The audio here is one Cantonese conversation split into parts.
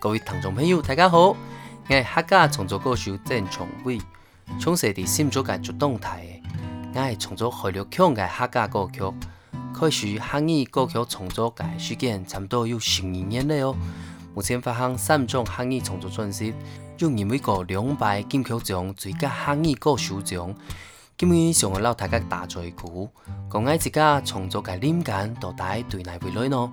各位聽眾朋友，大家好，我係客家創作歌手曾仲瑋，從細在新竹個竹東大欸，我係創作海陸腔的客家歌曲，開始客語歌曲創作嘅時間差毋多有十二年了。哦。目前發行三張客語創作專輯，有入圍過兩擺金曲獎最佳客語歌手獎，今晡日想摎大家打嘴鼓，講我自家創作嘅靈感到底對哪位來呢？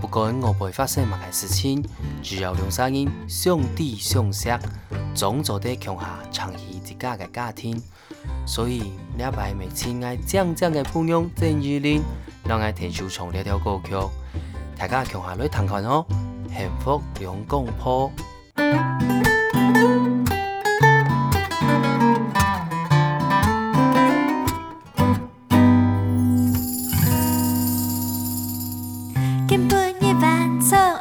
不管外背發生乜嘅事情，只要有兩儕人相知相惜，總做得共下撐起自家嘅家庭。所以，排位親愛、敬重嘅朋友，曾怡玲，讓我提前唱呢條歌曲，大家共下來聽看哦，幸福兩公婆。